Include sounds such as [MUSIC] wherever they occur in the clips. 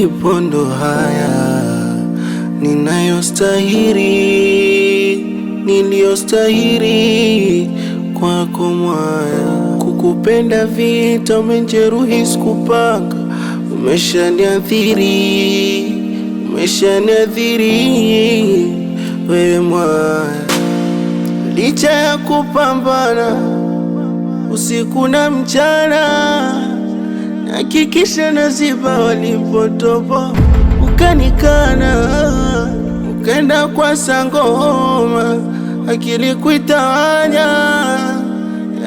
Ulipo ndo haya ninayostahili, niliyostahili kwako mwaya. Kukupenda vita, umenjeruhi, sikupanga, umeshaniadhiri, umeshaniadhiri wewe mwaya. Licha ya kupambana usiku na mchana hakikisha naziba walipotopo, ukanikana ukenda kwa sangoma, akili kuitawanya,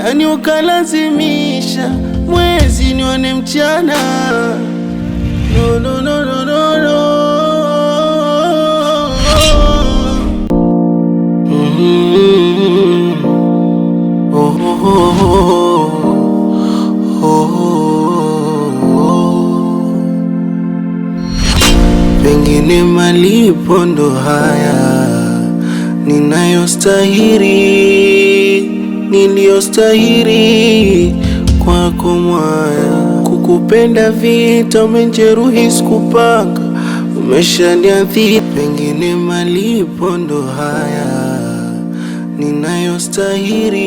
yani ukalazimisha mwezi nione mchana. No, no, no, no, no, no. Mm-hmm. mambo ndo haya ninayostahiri, niliyostahiri kwako mwaya. Kukupenda vita, umenjeruhi sikupanga, umeshaniathiri, pengine malipo ndo haya ninayostahiri,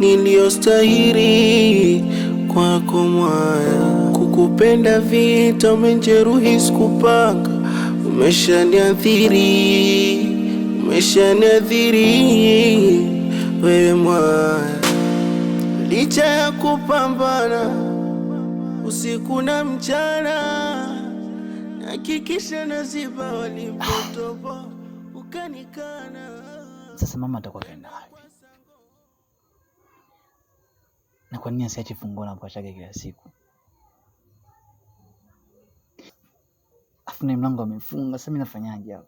niliyostahiri kwako mwaya. Kukupenda vita, umenjeruhi sikupanga umeshaniathiri, umeshaniathiri wewe mwaya, licha ya kupambana usiku na mchana, hakikisha naziba walipotopo ukanikana. Sasa mama atakuwa kaenda wapi? Na kwa nini asiache funguo na kuachaga kila siku? alafu ni mlango amefunga. Sasa mimi nafanyaje hapo?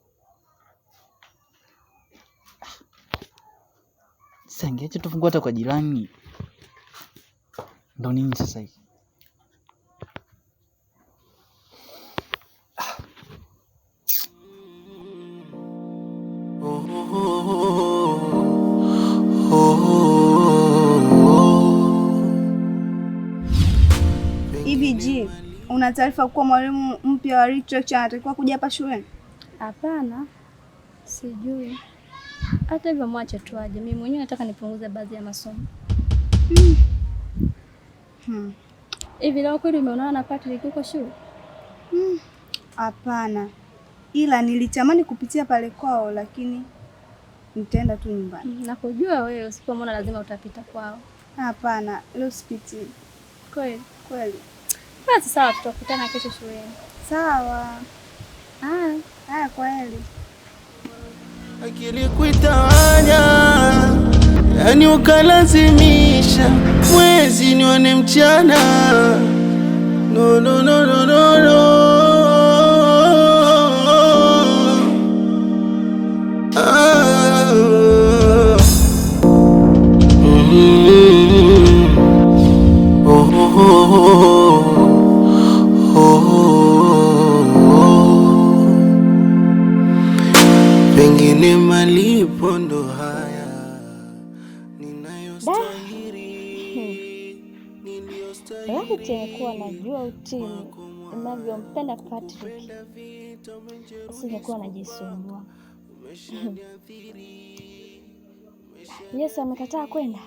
Sasa hata kwa jirani, ndo nini sasa hivi? una taarifa kuwa mwalimu mpya wa literature anatakiwa kuja hapa shule Hapana, sijui. Hata hivyo mwache tu aje, mimi mwenyewe nataka nipunguze baadhi ya masomo hmm. hivi. hmm. hmm. Leo kweli umeonana na Patrick huko shule? Hmm. Hapana, hmm. ila nilitamani kupitia pale kwao, lakini nitaenda tu nyumbani. Hmm, nakujua wewe, usipomwona lazima utapita kwao. Hapana, leo sipiti. Kweli kweli. Basi sawa, tutakutana kesho shuleni. Sawa. Ah, haya, haya, kwa Akili kuitawanya, yani ukalazimisha mwezi nione mchana. No, no, no, no, no. najua utimu inavyompenda Patrick, asingekuwa anajisumbua. [LAUGHS] Yesu amekataa kwenda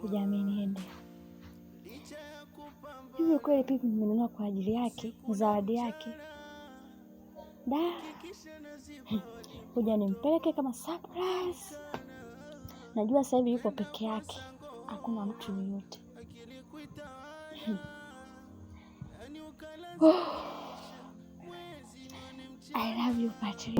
kujaamini niende hivi. Kweli pipi nimenunua kwa ajili yake, zawadi yake da [LAUGHS] kuja nimpeleke kama surprise. Najua sasa hivi yuko peke yake, hakuna mtu yoyote. Oh. I love you Patrick.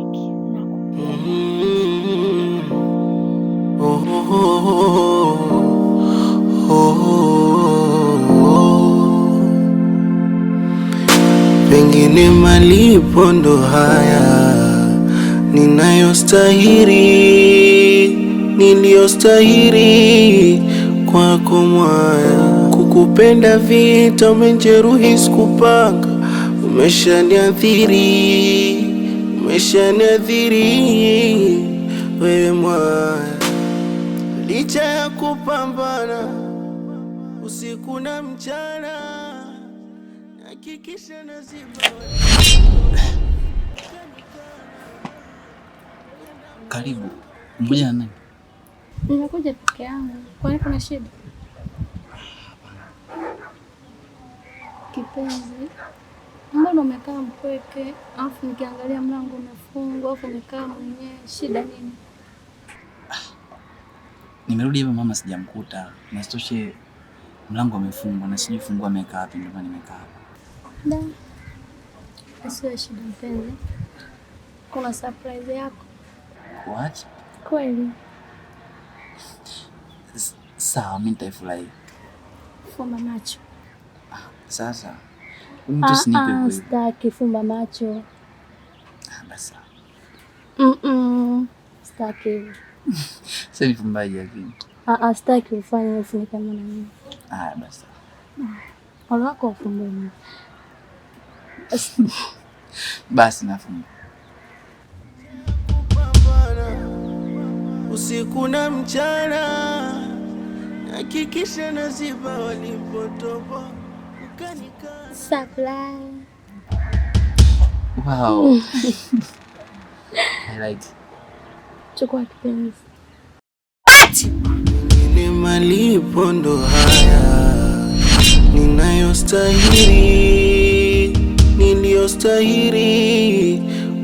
Pengine malipo ndo haya ninayostahiri niliyostahiri kwako mwaya Kukupenda vita umenjeruhi, sikupanga, umeshaniadhiri, umeshaniadhiri wewe mwaya. Licha ya kupambana usiku na mchana, hakikisha naziba. Karibu. Mkuja na nani? Nimekuja peke yangu. Kwani kuna shida? Kipenzi, mbona umekaa mpweke? Alafu nikiangalia mlango umefungwa, alafu umekaa mwenyewe, shida nini? Nimerudi hapa mama, sijamkuta. sitoshe, mlango umefungwa na sijui fungua amekaa wapi, ndio maana nimekaa hapa. Asiwe shida mpenzi, kuna surprise yako. What? Kweli? Sawa, mimi nitaifurahi. Fumba macho sasa ah, staki ah, fumba macho. mm -mm, staki nifumbaje? Ah, staki ufanye ufunike mwanamimi olwako ufumbe. [LAUGHS] Basi nafumba usiku na mchana, hakikisha naziba walipotoboka. Supply. Wow. Mm. [LAUGHS] I like. What? malipo ndo haya ninayostahili niliyostahili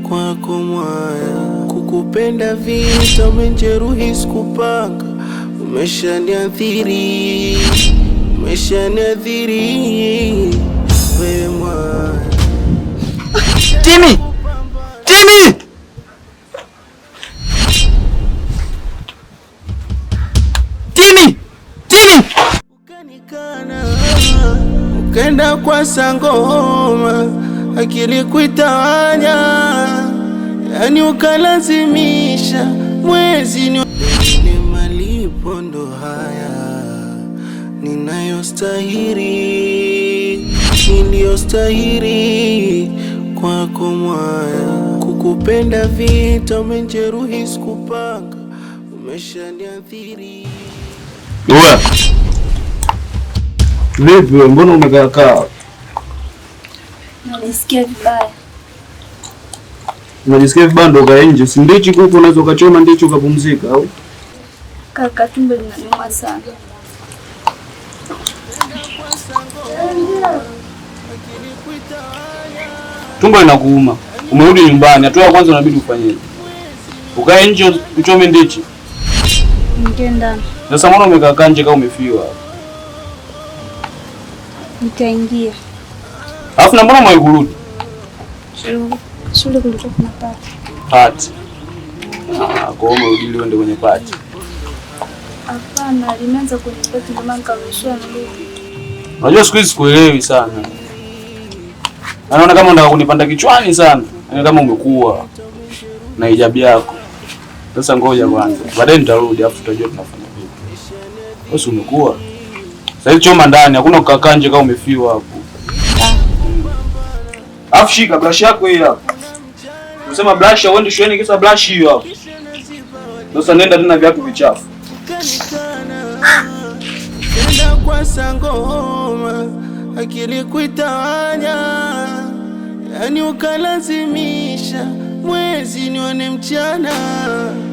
kwako mwaya kukupenda vita umenjeruhi sikupanga umeshaniadhiri niathiri Jimmy! Ukanikana, ukenda kwa sangoma, akili kuitawanya, yani ukalazimisha mwezi ni malipo ndo haya ninayostahili stahiri kwako mwaya, kukupenda vita umenjeruhi, sikupanga umeshaniathiri. Vipi wewe, mbona umekaa kaa? Najisikia vibaya. Unajisikia vibaya ndo kae nje, si ndichi kuku unaweza ukachoma ndichi ukapumzika au? Kaka, tumbo linaniuma sana. Tumbo inakuuma, umerudi nyumbani, hatua ya kwanza unabidi ufanyeje? Ukae nje uchome ndichi? Ndio ndani. Sasa mbona umekaa nje kama umefiwa? Nitaingia. Alafu na mbona mwaekurudi? Shule kulikuwa kuna pati. Pati. Ah, kwa hiyo umerudi leo ndio kwenye pati. Hapana, limeanza kwenye pati ndio maana nikarudishwa na ndugu. Unajua siku hizi sikuelewi sana. Anaona kama unataka kunipanda kichwani sana, ni kama umekuwa na hijabu yako. Sasa ngoja kwanza, baadaye nitarudi, afu tutajua tunafanya vipi. Wewe umekuwa sasa hivi choma ndani, hakuna kukaa nje kama umefiwa hapo. Afu shika brush yako hii hapo. Unasema brush au uende shuleni kisa brush hiyo hapo. Sasa nenda tena viatu vichafu. Nenda kwa sangoma akili kuitawanya yani ukalazimisha mwezi nione mchana